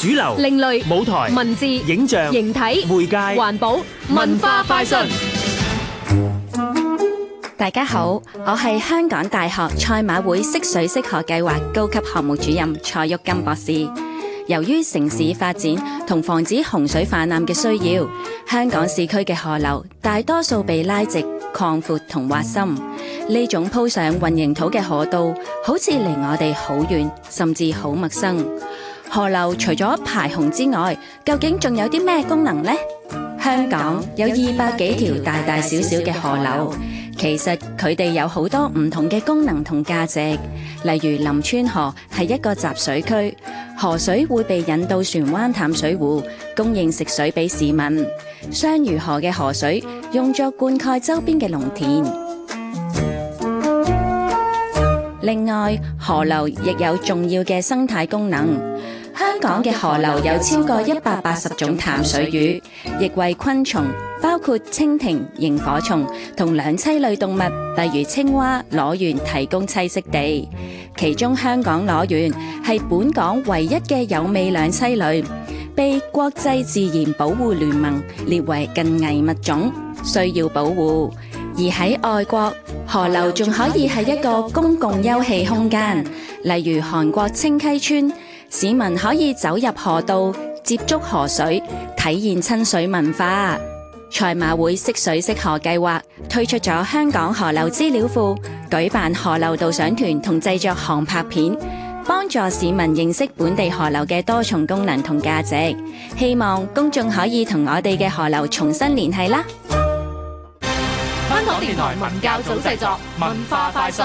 主流。河流除咗排洪之外，究竟仲有啲咩功能呢？香港有二百幾條大大小小嘅河流，其實佢哋有好多唔同嘅功能同價值。例如林村河係一個集水區，河水會被引到船灣淡水湖，供應食水俾市民。雙魚河嘅河水用作灌溉周邊嘅農田。另外，河流亦有重要嘅生態功能。香港嘅河流有超過一百八十種淡水魚，亦為昆蟲，包括蜻蜓、螢火蟲同兩棲類動物，例如青蛙、瘰螈提供棲息地。其中香港瘰螈係本港唯一嘅有尾兩棲類，被國際自然保護聯盟列為近危物種，需要保護。而喺外國，河流仲可以係一個公共休憩空間，例如韓國清溪川。市民可以走入河道，接觸河水，體驗親水文化。賽馬會識水識河計劃推出咗香港河流資料庫，舉辦河流導賞團同製作航拍片，幫助市民認識本地河流嘅多重功能同價值。希望公眾可以同我哋嘅河流重新聯繫啦！香港電台文教組製作文化快訊。